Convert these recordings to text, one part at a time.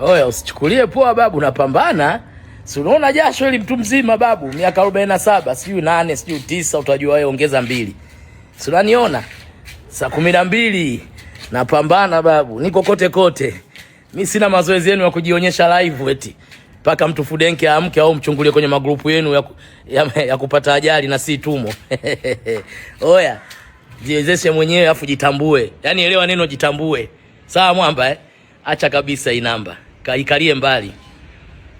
Oya, usichukulie poa babu, unapambana. Si unaona jasho hili mtu mzima babu, miaka 47, siyo 8, siyo 9, utajua wewe ongeza mbili. Si unaniona? Saa 12 napambana babu, niko kote kote. Mimi sina mazoezi yenu ya kujionyesha live eti. Paka mtu Fudenke amke au mchungulie kwenye magrupu yenu ya, ya, ya kupata ajali na si tumo. Oya, jiwezeshe mwenyewe afu jitambue. Yaani elewa neno jitambue. Sawa mwamba eh? acha kabisa hii namba, ikalie mbali.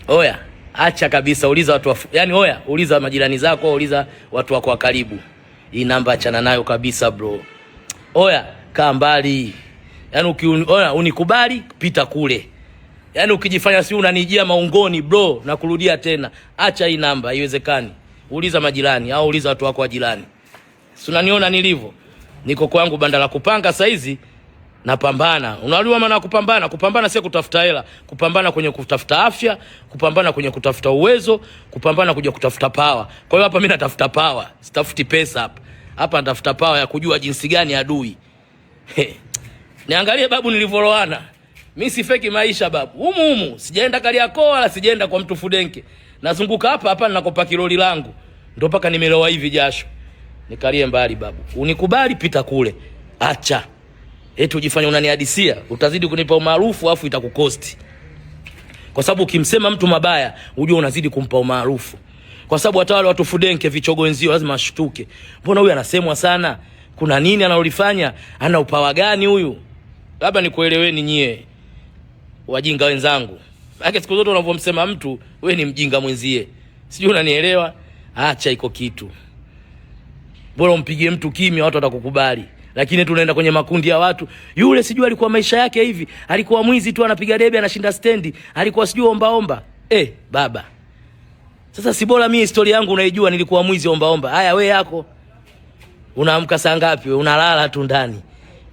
Oya, acha kabisa, uliza watu wa yani, oya, uliza majirani zako, uliza watu wako wa karibu. Hii namba achana nayo kabisa bro. Oya, kaa mbali. Yani uki oya, unikubali pita kule. Yani ukijifanya si unanijia maungoni bro, na kurudia tena. Acha hii namba, haiwezekani. Uliza majirani au uliza watu wako wa jirani. Si unaniona nilivyo? Niko kwangu banda la kupanga saizi napambana. Unajua maana kupambana? Kupambana sio kutafuta hela, kupambana kwenye kutafuta afya, kupambana kwenye kutafuta uwezo, kupambana kuja kutafuta pawa. Kwa hiyo hapa mimi natafuta pawa, sitafuti pesa hapa. Hapa natafuta pawa ya kujua jinsi gani adui. Niangalie babu nilivyoloana. Mimi sifeki maisha babu. Humu humu sijaenda Kariakoo wala sijaenda kwa mtu fudenke. Nazunguka hapa hapa ninakopa kiloli langu. Ndio paka nimelowa hivi jasho. Nikalie mbali babu. Unikubali pita kule. Acha eti ujifanye unanihadisia, utazidi kunipa umaarufu afu itakukosti. Kwa sababu ukimsema mtu mabaya unajua unazidi kumpa umaarufu. Kwa sababu hata wale watu fudenke vichogo wenzio lazima ashtuke. Mbona huyu anasemwa sana? Kuna nini analolifanya? Ana upawa gani huyu? Labda nikueleweni nyie wajinga wenzangu. Maana siku zote unavyomsema mtu we ni mjinga mwenzie. Sijui unanielewa? Acha iko kitu. Bora umpigie mtu kimya watu watakukubali lakini tunaenda kwenye makundi ya watu. Yule sijui alikuwa maisha yake hivi, alikuwa mwizi tu, anapiga debe, anashinda stendi, alikuwa sijui omba omba. Eh, baba sasa, si bora mimi historia yangu unaijua, nilikuwa mwizi omba omba. Haya, we yako unaamka saa ngapi? We unalala tu ndani,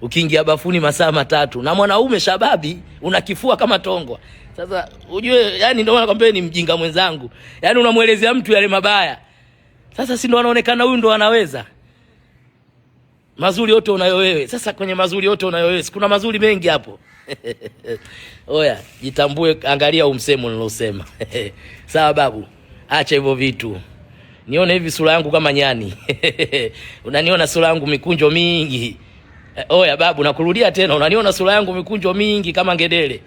ukiingia bafuni masaa matatu, na mwanaume shababi unakifua kama tongwa. Sasa ujue, yani ndio maana nakwambia ni mjinga mwenzangu, yani unamwelezea mtu yale mabaya. Sasa si ndo anaonekana huyu ndo anaweza mazuri yote unayo wewe. Sasa kwenye mazuri yote unayo wewe, kuna mazuri mengi hapo. Oya, jitambue, angalia msemo nilosema. Sawa babu, acha hivyo vitu, nione hivi sura yangu kama nyani unaniona sura yangu mikunjo mingi. Oya babu, nakurudia tena, unaniona sura yangu mikunjo mingi kama ngedele.